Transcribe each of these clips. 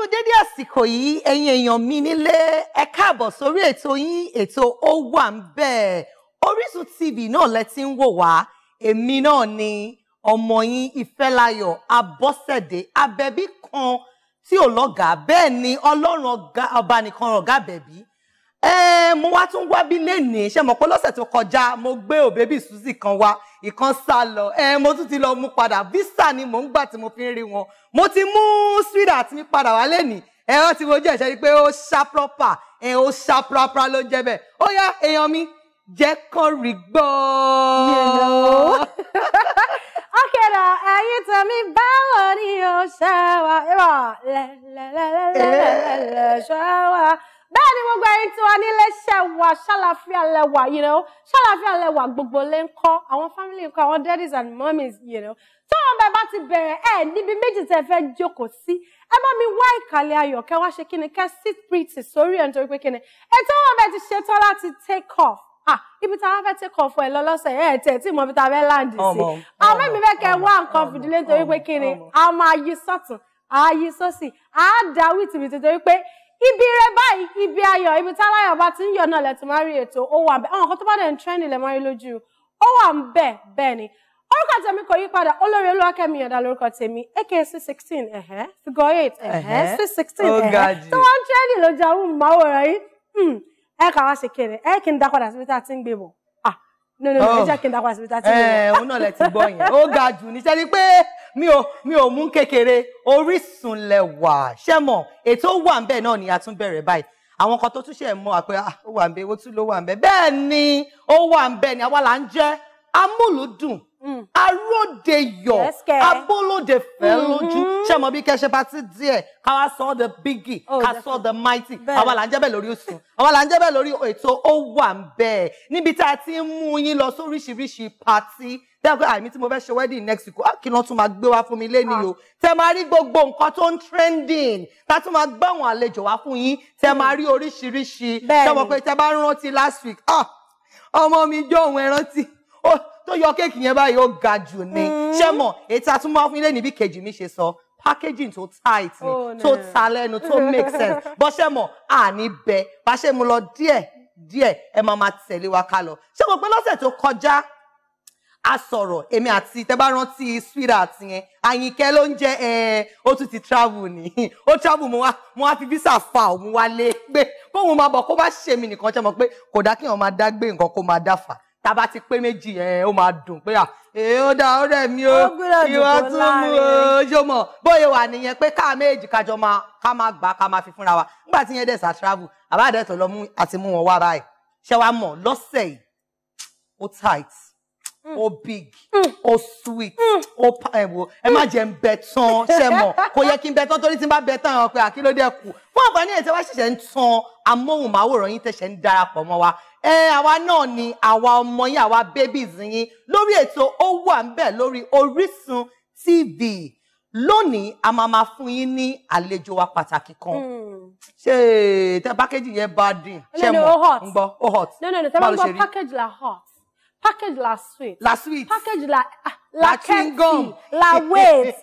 kú dédé àsìkò yìí ẹ̀yin èèyàn mi nílé ẹ káàbọ̀ sórí ètò yín ètò ó wà ń bẹ̀ Orísun TV náà lẹ ti ń wò wá èmi náà ni ọmọ yín Ìfẹ́láyọ̀ Abọ́sẹ̀dé Abẹ́bí kan tí ò lọ́gàá bẹ́ẹ̀ ni Ọlọ́run ọba nìkan ọ̀gá Abẹ́bí Eh, mo wá tún wá bí lẹ́nìí ṣe mọ̀ pé lọ́sẹ̀ tó kọjá mo gbé ò bébí kan wá ìkan sá lọ eh, mo tún ti lọ mú padà visa ni mò ń gbà tí mo fi ń rí wọn mo ti mú sweetheart mi padà wá lẹ́nìí ẹ̀rọ tí mo jẹ́ ìṣẹ́ pé ó ṣá proper ẹ̀ eh, ó ṣá proper ló jẹ́ bẹ́ẹ̀ ó yá èèyàn mi jẹ́ kán rí gbọ́. ọ̀kẹ́dà ẹ̀yin tèmi báwo ni o ṣe wà lẹ́lẹ́lẹ́lẹ́ bẹ́ẹ̀ ni gbogbo ẹ̀yin tí wà nílé iṣẹ́ wa ṣàlàfíà lẹ́wà you know ṣàlàfíà lẹ́wà gbogbo lè ń kọ́ àwọn family ń kọ́ àwọn daddies and mummies you know tí wọn bẹ bá ti bẹ̀rẹ̀ ẹ níbi méjì tẹ́ fẹ́ jókòó sí ẹ bá mi wá ìkàlẹ̀ ayọ̀ kẹ́ wá ṣe kí ni kẹ́ sit pretty sórí ẹ̀ nítorí pé kí ni ètò wọn bẹ ti ṣetán láti take off ah ibi tá a fẹ́ tí kò fún ẹ lọ lọ́sẹ̀ ẹ̀ tẹ̀ tí mo fi ta fẹ́ láǹdì sí ọmọ mi fẹ́ kẹ́ ibi rẹ báyìí ibi ayọ̀ ibi táláyọ̀ bá ti ń yọ̀ náà lẹ́tì máa rí ètò ó wà bẹ́ẹ̀ àwọn kan tó bá dẹ̀ ń trẹ́ndì lẹ̀ máa rí lójú ó wà ń bẹ̀ bẹ́ẹ̀ ni orúkọ tèmi kò yí padà olórí olúwakẹ́mi Ìyàndá lórúkọ tèmi aka six sixteen ẹ̀hẹ́ figure eight ẹ̀hẹ́ six sixteen ẹ̀hẹ́ tó wọ́n ń trẹ́ndì lójú àwọn ìmọ̀wòrán yìí hmm, ẹ̀ kà wá ṣe kéde ẹ̀ kí n dá padà síbi tá a ti ń gbé bọ̀ no no oh. ẹ jẹ́ kí n dá padà síbi tá a ti rí ẹ eh, òun náà lẹ ti gbọ́ yẹn ó ga jù ní sẹ́ni pé mi ò mi ò mú kékeré Orísun lẹ wà ṣẹ́ mọ̀ ètò wà ń bẹ̀ náà ni a tún bẹ̀rẹ̀ báyìí àwọn kan tó tún ṣe mọ àpẹ ah, ó wà ń bẹ owó tún ló wà ń bẹ ni ó wà ń ni àwa là ń jẹ́ amúlùdùn mm. Adéyọ̀ Abọ́lódé fẹ́ mm-hmm. lójú ṣé mo bí kẹ́sẹ́ bá ti díẹ̀ káwá sọ the biggie oh, ká sọ the mighty àwa là ń jẹ́ bẹ́ẹ̀ lórí Osun àwa là ń jẹ́ bẹ́ẹ̀ lórí ètò ó wà ń bẹ́ẹ̀ níbi tá a ti ń mú yín lọ sóríṣiríṣi pàtí dẹ́gbẹ́ àmì tí mo fẹ́ ṣe wedding next week ah, kí ló tún máa gbé wá fún mi lé ní ah. o tẹ máa rí gbogbo nǹkan tó ń trending tá tún máa gbẹ̀wọ̀n àlejò wá fún yín tẹ máa rí oríṣiríṣi tẹ mọ̀ pé tẹ bá rántí last week ah, ọmọ mi jó òun ẹ tó yọ kéèkì yẹn báyìí ó ga jù ni hmm. ṣé mọ̀ èyí tá a tún máa fún ilé níbi kejì mi ṣe sọ packaging tó tight ni oh, tó ta lẹ́nu tó make sense bọ́ ṣé mọ̀ àní bẹ bá ṣe mu lọ díẹ̀ díẹ̀ ẹ máa máa tẹ̀lé wa ká ṣé mo pé lọ́sẹ̀ tó kọjá a sọ̀rọ̀ èmi àti tẹ́ bá rántí sweetheart yẹn àyìnkẹ́ ló ń jẹ́ ẹ ó tún ti travel ni ó travel mo wá mo wá fi visa fa òun wálé pé kóun máa bọ̀ kó bá ṣe mí nìkan ṣe mọ̀ pé kò dá kí wọn máa dá gbé nǹkan kó máa dá fà tá a bá ti pé méjì ẹ̀ ó máa dùn pé à ó dá ọ̀rẹ́ mi ó ìwà tún mú o jọmọ bóyá wà nìyẹn pé ká méjì kájọ máa ká máa gbà ká máa fi fúnra wa nígbà tí yẹn dẹ̀ sá travel àbádẹ́tọ̀ lọ mú àti mú wọn wá báyìí ṣé wàá mọ̀ lọ́sẹ̀ yìí ó tight ó hmm. big hmm. ó sweet hmm. ó pa ẹ ẹ má jẹ́ ń bẹ tán ṣe mọ̀ kò yẹ kí n bẹ tán torí tí n bá bẹ tán ẹ àkílódé kù àǹfààní ẹ̀ tẹ́ wá ṣẹ̀ṣẹ̀ ń tan amóhùnmáwòrán yín tẹ̀ṣẹ̀ ń darapọ̀ mọ́ wa ẹ àwa náà ni àwa ọmọ yín àwa babies yín lórí ètò ó wà ń bẹ̀ lórí Orísun TV lónìí a máa ma fún yín ní àlejò wa pàtàkì kan hmm. ṣé tẹ pákéjì yẹn bá dín ṣe mọ ń gbọ́ ó hot no no no tẹ bá ń gbọ́ pákéjì la hot package la sweet. la sweet. package la ah, la kẹ́tì la wait.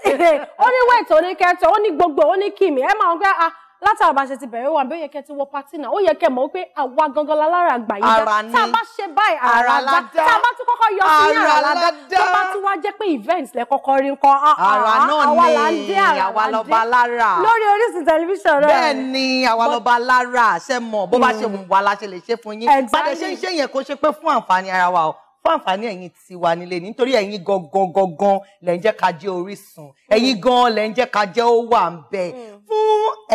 ó ní weight ó ní kẹ́tì ó ní gbogbo ó ẹ máa ń gbé ah látara bá ṣe ti bẹ̀rẹ̀ wà bí ó yẹ kẹ́ ti wọ pátì náà ó yẹ kẹ́ mọ̀ pé àwa gangan lára àgbà yìí dá tá a bá ṣe báyìí ara dá tá a bá tún kọ́kọ́ yọ sí ní ara dá tó bá tún wá jẹ́ pé event lẹ kọ́kọ́ rí nǹkan ah, ah, ah, àwa là ń dé àwa là ń dé lórí Orísun tẹlifíṣàn rẹ. bẹ́ẹ̀ ni àwa lọ́ba lára ṣe mọ̀ bó bá ṣe hmm. wù wá la ṣe lè ṣe fún yín bá ṣe ń yẹn kó ṣe pé fún àǹfààní ara wa o fún àǹfààní ẹ̀yin ti wà nílé nítorí ẹ̀yin gangan gangan lẹ ń jẹ́ ká jẹ́ Orísun hmm. ẹ̀yin gan lẹ ń jẹ́ ká jẹ́ ó wà ń bẹ̀ hmm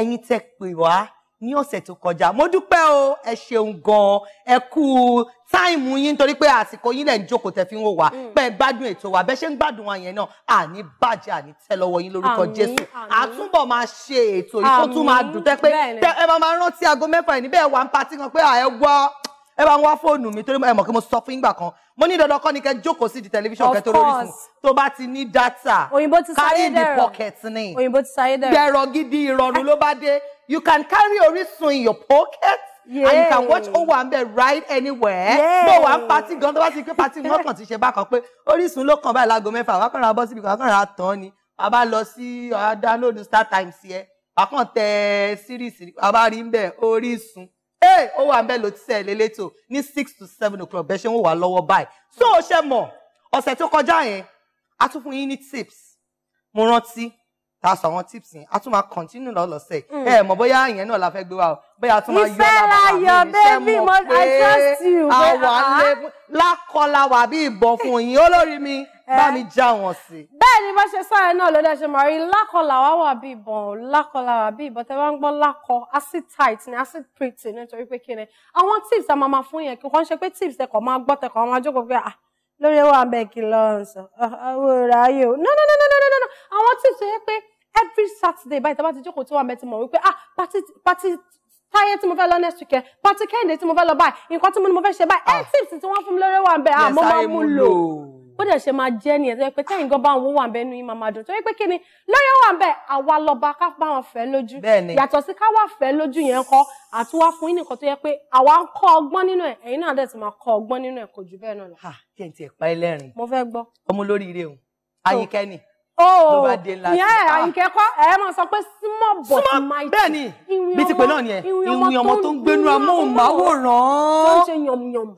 ẹ̀yin tẹ pè wá ní ọ̀sẹ̀ tó kọjá mo dúpẹ́ o ẹ ṣeun gan-an ẹ kú táìmù yín torí pé àsìkò yín lẹ̀ ń jókòó tẹ̀ fi ń wò wá mm. bẹ́ẹ̀ gbádùn ètò wa bẹ́ẹ̀ ṣe ń gbádùn wa yẹn náà àní bàjẹ́ àní tẹ́ lọ́wọ́ yín lórúkọ Jésù àtúbọ̀ máa ṣe ètò yìí tó tún máa dùn tẹ́ pé ẹ máa rántí aago mẹ́fà yìí níbẹ̀ wà ń patí kan pé ẹ wọ́ ẹ bá ń wá fóònù mi torí ẹ mọ̀ pé mo sọ fún yín gbà kan mo ní dandan kọ́ ni kẹ́ jókòó sí di tẹlifíṣàn kẹ́ tó lórí sùn tó bá ti ní dátà carry the pocket ni gbẹ̀rọ̀ gidi ìrọ̀rùn ló bá dé you can carry Orísun in your pocket yeah. and you can watch over and there ride anywhere. bó wàá ń patí gan tó bá ti pé patí wọn kàn ti ṣe bákan pé Orísun ló kàn báyìí láago mẹ́fà wàá kàn ra bọ́ síbi kan wàá kàn ra tán ni wàá bá lọ sí download Star Times yẹ wàá kàn tẹ síríìsì wàá rí ń bẹ̀ Orísun ee ó wà ńbẹ̀ ló ti sẹ́ ẹ̀ lélẹ́tò six to seven o'clock bẹ́ẹ̀ ṣe ń wà lọ́wọ́ báyìí so ó ṣe mọ̀ ọ̀sẹ̀ tó kọjá yẹn a tún fún yín ní tips mo rántí ta sọ àwọn tips yẹn a tún máa continue lọ lọ́sẹ̀ hmm. ẹ mọ̀ bóyá ìyẹn náà la fẹ́ gbé wa o bóyá a tún máa yọ lábàlá mi ìṣẹ́ mọ̀ pé àwa ah. lé lákọlá wà bí ìbọn fún yín olórí mi bá eh, mi já wọn sí. bẹ́ẹ̀ ni bá ṣe sáré náà lọ́dọ̀ ṣe máa rí lákọ̀ làwa wà bí ìbọn lákọ̀ làwa bí ìbọn tẹ́ bá ń gbọ́ lákọ̀ acid tight ni acid pretty nítorí pé kí ni àwọn tips a mama ma fún yẹn kí wọ́n ṣe pé tips ẹ kàn máa gbọ́ tẹ kàn máa jókòó pé ah lórí ewu àbẹ̀ kí lọ sọ owó ah, ah, ráyè o no no no no no no no àwọn tips yẹn pé every Saturday by the a bá ti jókòó tí wọ́n bẹ ti mọ̀ ah party party táyé tí mo fẹ́ lọ next weekend pàtí kẹ́hìndé tí mo fẹ́ lọ báyìí nǹkan tí mo ní mo fẹ́ ṣe báyìí ẹ ah. tips tí wọ́n fún mi lórí ewu àbẹ̀ ah mo máa mú lò bó dẹ̀ ṣe máa jẹ́ nìyẹn tó yẹ pé tẹ́yìn gan bá wọn wà bẹ́ẹ̀ nu yín máa máa dùn tó yẹ pé kí ni lóyún wà bẹ́ẹ̀ àwa lọ́ba ká bá wọn fẹ́ lójú yàtọ̀ sí ká wà fẹ́ lójú yẹn kọ́ àtúwá fún yín nìkan tó yẹ pé àwa ń kọ́ ọgbọ́n nínú ẹ̀ ẹ̀yin náà dẹ̀ ti máa kọ́ ọgbọ́n nínú ẹ̀ kò jù bẹ́ẹ̀ náà lọ. ha kí n tiẹ̀ pa ẹ lẹ́rìn. mo fẹ́ gbọ́. ọmọ olóríire o ayíkẹ́ ni oh, ló bá dé ńlá sí. ìyá ẹ̀ àyìnkẹ́kọ́ ah. ẹ̀ máa sọ pé small but mighty. bẹ́ẹ̀ ni bí ti pè náà nìyẹn ìwé ọmọ tó ń gbénu amóhùnmáwòrán.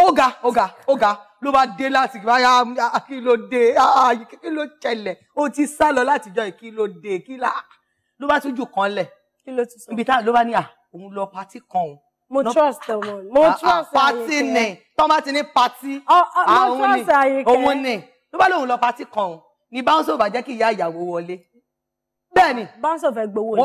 ó ga ó ga ó ga ló bá dé láti ya ah, ah, kí ló dé ah, kí ló ṣẹlẹ̀ ó ti sá lọ látijọ́ kí ló dé kí là ló bá tún jù kan lẹ̀ ibi táwọn ló bá ní à òun lọ pati kan òun. mo trust ọmọ mo trust àyíkẹ́ pati ni tọ́mọ ti ní pati àwọn ni òun ni ló bá lóun lọ pati kan òun ni báńsọ̀ bá jẹ́ kí ìyá ìyàwó wọlé bẹ́ẹ̀ ni báńsọ̀ fẹ́ gbowó ni.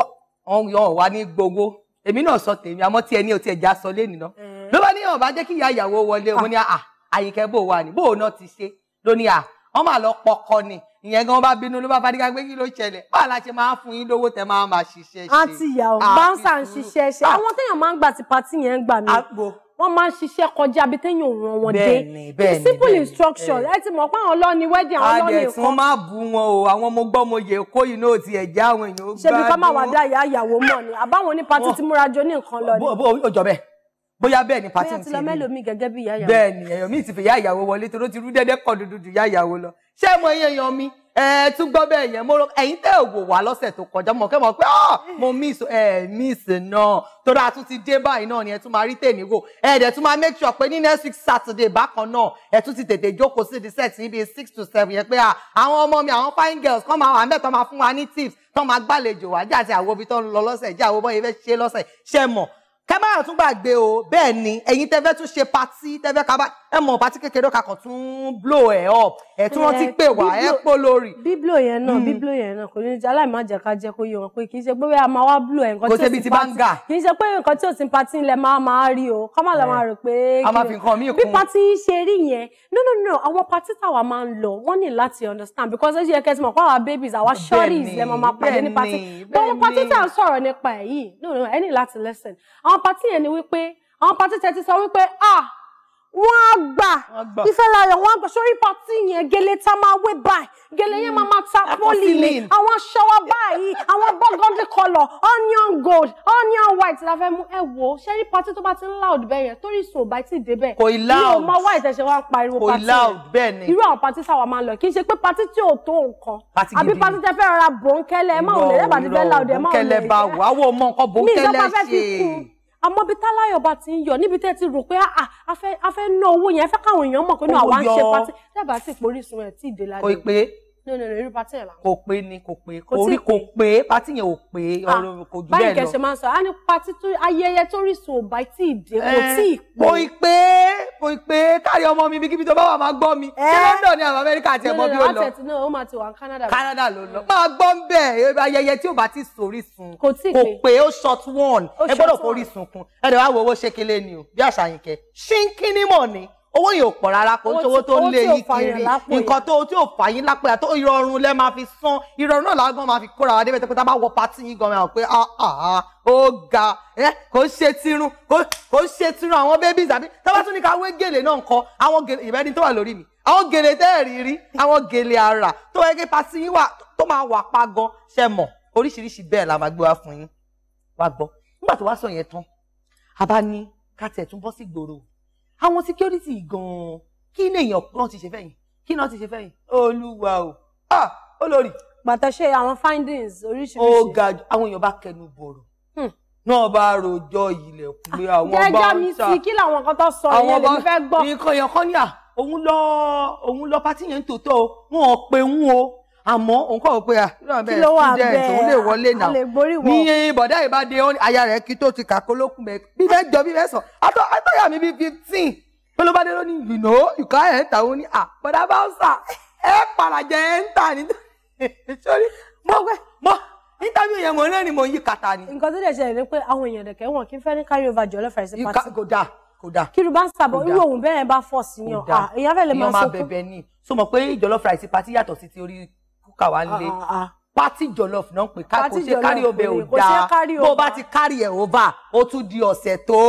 wọn yọ wá ní gbogbo èmi náà sọ tèmi àmọ́ tí ẹni ò tiẹ̀ já sọ lé nìyàn eh. ló bá ní ọ̀bá jẹ́ kí ìyá ìyàwó wọlé òun ni àà àyíkẹ́ bò wà ní bóun náà ti ṣe lónìí à wọ́n máa lọ pọkọ ni ìyẹn gan bá bínú ló bá bá dígbà pé kí ló ṣẹlẹ̀ báà la ṣe máa fún yín lówó tẹ máa máa ṣiṣẹ́ ṣe. àti ìyàwó báńsà ń ṣiṣẹ́ ṣe ah. àwọn téèyàn máa ń gbà tí pàtí yẹn ń gbà mí wọ́n máa ń ṣiṣẹ́ kọjá bí téèyàn ò ràn dé it's simple instruction eh. ẹ ti mọ̀ pé àwọn ọlọ́ni wedding àwọn ọlọ́ni ẹ̀kọ́. wọ́n máa bu wọn o àwọn ọmọ gbọ́mọ yẹ kó yìí náà ti ẹ̀jẹ̀ àwọn èèyàn ó gbádùn. ṣebí ká máa wà dá ìyá ìyàwó mọ̀ ni àbáwọn onípa títí múra jo nǹkan lọ ni. ó jọ bẹ́ẹ̀ bóyá bẹ́ẹ̀ ni pati ń ti rí bẹ́ẹ̀ ni èèyàn mi ti fi yá ìyàwó wọlé tó ti rú dẹ́dẹ́ kọ́ dúdú ju yá lọ ṣé mo yẹn yan mi ẹ tún gbọ́ bẹ́ẹ̀ yẹn mo rò ẹ̀yin tẹ́ ò wò wá lọ́sẹ̀ tó kọjá mọ̀ kẹ́ mọ̀ pé ọ́ ah, mo miss ẹ̀ miss náà torí a tún ti dé báyìí náà ni ẹ tún máa rí tèmi wò ẹ dẹ̀ tún máa make sure pé ní next week Saturday bákan náà ẹ tún ti tètè jókòó sí the set níbi six to seven yẹn pé ah, àwọn ọmọ mi àwọn fine girls kàn máa wà ń bẹ̀ tán máa fún wa ní tips tán máa gbàlejò wájà àti àwọn obì tó ń lọ lọ́sẹ̀ jẹ́ àwọn ọmọ yẹn fẹ́ ṣe lọ́sẹ̀ ṣẹ́ mọ̀ kẹ má tún gbàgbé o bẹ́ẹ̀ ni ẹ̀yin tẹ́fẹ́ tún ṣe patí tẹ́fẹ́ ká bá ẹ mọ̀ patí kékeré kakọ̀ tún blow ẹ̀ up ẹ̀ tún wọ́n ti pè wá ẹ̀ pò lórí. bíblò yẹn náà bíblò hmm. yẹn náà kò ní jẹ aláìmájà ká jẹ kó yé wọn pé kì í ṣe pé wíwá máa wá blow ẹ̀ nǹkan tí ó ti patí kì í ṣe pé nǹkan tí ó ti patí ńlẹ̀ máa máa rí o ká má lọ máa eh. rò pé bí patí ṣe rí yẹn no no no àwọn patí táwa máa ń lọ wọ́n ní láti understand because ó ṣe yẹ kẹsìmọ̀ pé àwa babies àwa shorties lẹ́ mọ̀ máa pàdé ní patí but patí tá à ń sọ̀rọ̀ nípa ẹ̀ yìí no no ẹ ní láti lesson àwọn àwọn pátì yẹn ni wípé àwọn pátì tẹ ti sọ wípé ah wọ́n á gbà ìfẹ́láyọ̀ wọ́n á gbà sórí pàtí yẹn gèlè tá máa wé báyìí gèlè yẹn máa máa ta hmm. pọ́lì ni àwọn aṣọ wa báyìí àwọn burgundy colour onion gold onion white la fẹ́ mú ẹ wò ó ṣé rí pàtí tó bá ti ń loud bẹ́ẹ̀ yẹn torí ìṣòro bá ti dé bẹ́ẹ̀ kò í loud yóò máa wá ìtẹ̀sẹ̀ wa ń pariwo pàtí yẹn irú àwọn pàtí sáwà máa ń lọ kì í ṣe pé pàtí tí ò tó nǹkan àbí pàtí tẹ fẹ́ rọra bòńkẹ́lẹ́ ẹ má ò lè rẹ́ bàtí fẹ́ loud ẹ má ò lè rẹ́ àmọ́ bí táláyọ̀ bá ti ń yọ níbi tẹ́ ti rò pé ah, ah, a fẹ́ ná owó yẹn fẹ́ káwọn èèyàn mọ̀ pé náà àwa ń ṣe pátí dábàá sí ìporísun ẹ̀ tí ìdè ládé. kò ì pé no no no irú pati yẹn là ń. kò pé ni kò pé orí kò pé pati yẹn ò pé ọ̀rọ̀ kò jù bẹ́ẹ̀ lọ. báyìí kẹsẹ̀ máa ń sọ á ní pati tó ayẹyẹ tó Orísun ò bá tí ì dé kò tí ì pé. kò ì pé kò ì pé káàrí ọmọ mi ibikíbi tó bá wà máa gbọ́ mi ṣé London ni àwọn Amẹ́ríkà àti ẹ̀mọ́ bí ó lọ. no no no ó máa ti wà ní Canada. Canada ló lọ máa gbọ́ ń bẹ̀ ayẹyẹ tí ò bá tí ì sórísun kò pé ó short one ẹ gbọ́dọ̀ kó Orísun kun ẹ dẹ̀ wá wo owó ṣékelé ni o bí àṣàyìnkẹ́ ṣínkínímọ̀ ni owó yìí pọ̀ rárá kò ń tówó tó ń lé yìí kiri nǹkan tó tí ò fà yín lápẹ́ àtó ìrọ̀rùn lẹ́ máa fi san ìrọ̀rùn náà lágbọ́n máa fi kóra wa pé tá a bá wọ pátì yín gan-an pé ah, ah, ó ga kò ṣe tirun kò ṣe tirun àwọn babies àbí tá a bá tún ní ká wé gèlè náà kọ àwọn gèlè ìbẹ́ni tó wà lórí mi àwọn gèlè tẹ́ẹ̀rí rí àwọn gèlè àrà tó wáyé pé pátì yín wà tó máa wà pa gan ṣe mọ̀ oríṣiríṣi bẹ́ẹ̀ la máa gbé wá fún yín wá gbọ́ nígbà tó wá sọ yẹn tán a bá ní ká tiẹ̀ tún bọ́ sí gbòòrò àwọn security gan-an kí lèèyàn kan ti ṣe fẹ́yìn kí náà ti ṣe fẹ́yìn olúwa o ah olórí. pàtàṣe àwọn findings oríṣiríṣi. ó ga àwọn èèyàn bá kẹnu bọ̀rọ̀ hmm. náà bá rojọ́ ilẹ̀kùn pé ah, àwọn bá ń ta jẹ́jẹ́ mi sí kí làwọn kan tó sọ yẹn lèmi fẹ́ gbọ́. àwọn bá nǹkan yẹn kọ́ ní à òun lọ òun lọ pátí yẹn ń tòótọ́ wọn ò pe òun o àmọ́ òun kọ́ pé kí ló wà bẹ́ẹ̀ òun lè wọlé náà ní bọ̀dá ìbáde aya rẹ̀ kí tó ti kàkó lókun bẹ́ẹ̀ bí bẹ́ẹ̀ jọ bí bẹ́ẹ̀ sọ àtọ́yà mi bíi fifteen pé ló bá dé lónìí you know you can't enter òun ní à bọ̀dá bá ń sà ẹ pàràjẹ ẹ ń tà ní sórí mọ wẹ mọ interview yẹn mo rẹ́rìn mo yí kàtà ni. nǹkan tó dẹ̀ ṣẹlẹ̀ ni pé àwọn èèyàn dẹ̀kẹ́ wọn kì í fẹ́ ní carry over jọlọ fẹ̀rẹ̀sì pàtì. kò dáa kò dáa. kí ló bá ń sàbọ̀ irú òun bẹ́ẹ̀ bá fọ̀ sí yan ìyá fẹ́ lè máa sọ fún. ìyá máa bẹ̀bẹ̀ ni so mọ̀ pé jọlọ fẹ̀rẹ̀sì pàtì yàtọ̀ sí ti orí káwa ń lé pati jollof náà pé ká kò ṣe carry over ò dáa bó bá ti carry ẹ̀ over ó tún di ọ̀sẹ̀ tó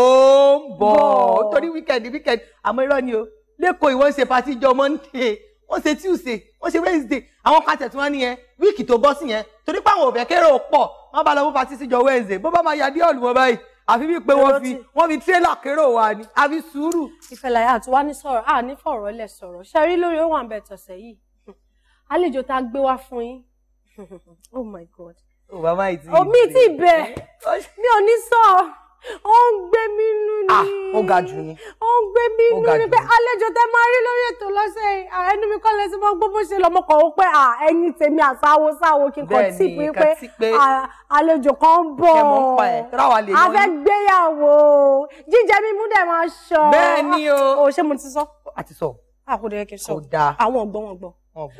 ń bọ̀ nítorí weekend weekend àmọ́ irọ́ ni o lẹ́kọ̀ọ́ ìwọ́n ṣe party jọ monday wọ́n ṣe tuesday wọ́n ṣe wednesday àwọn kan tẹ̀tún wọn nìyẹn wíìkì tó bọ́ sí yẹn torí pé àwọn òbẹ̀ kéré ò pọ̀ wọ́n bá lọ mú pati síjọ wednesday bó bá máa ya dé ọ̀lùwọ̀n báyìí àfi bíi pé wọ́n fi wọ́n fi tírélà kéré wa ni àfi sùúrù. ìfẹ̀lẹ̀ àti wá ní sọ̀rọ̀ à ní fọ̀rọ̀ lẹ̀ sọ̀rọ̀ ṣe rí lórí ó wà ń bẹ̀ tọ̀sẹ̀ yìí àlejò tá a gbé wá fún yín oh my god. o oh, bàbá yìí ti bẹ. Oh, omi ti bẹ mi ò ní sọ ó ń gbé mi nú ni. ah ó ga jù ni. ó ń gbé mi nú ni pé àlejò tẹ máa rí lórí ètò lọ́sẹ̀ ah, ẹnu mi kọ́ lẹ́sìn mọ́ gbogbo ṣe lọ́mọkọ̀ ó pé ah, ẹyin tèmi àsáwo sáwo kí n kọ́ tì pé pé ah, àlejò kan ń bọ̀ a fẹ́ gbéyàwó jíjẹ mímú dẹ̀ máa ṣọ. bẹ́ẹ̀ ni o. o ṣé mo ti sọ. a ti sọ. a kò dẹ̀ kí n sọ. àwọn ọ̀gbọ́n wọn gbọ́ ọgbọ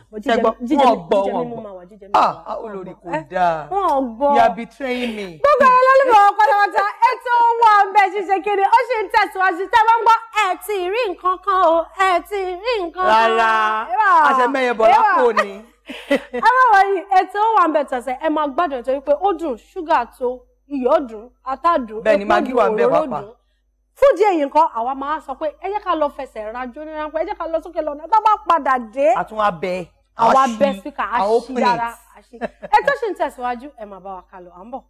wọn ọgbọ ah, ah olórí kò dáa eh, you are betraying me. gbogbo ẹ lọ́lùmọ̀ ọ̀pọ̀lọpọ̀ta ètò owó ọbẹ̀ ṣíṣe kiri ó ṣe ń tẹ̀síwájú tẹ́ bá ń gbọ́ ẹ ti rí nǹkan kan o ẹ ti rí nǹkan kan. rárá àṣẹ mẹ́yẹ bọ̀ lápò ni. ẹ má wọrí ètò owó ọbẹ̀ tọ̀sẹ̀ ẹ máa gbádùn torí pé ó dùn ṣúgà tó iyọ̀ dùn ata dùn epo dùn òróró dùn fún díẹ̀ yìí nǹkan àwa máa sọ pé ẹ jẹ́ ká lọ fẹsẹ̀ rajó ní ránpẹ́ ẹ jẹ́ ká lọ sókè lọ́nà tá a bá padà dé. àtún abẹ àwa bẹ síkà àṣìyára àṣì ẹ tó ṣì ń tẹ̀síwájú ẹ máa bá wa ká à ń bọ̀.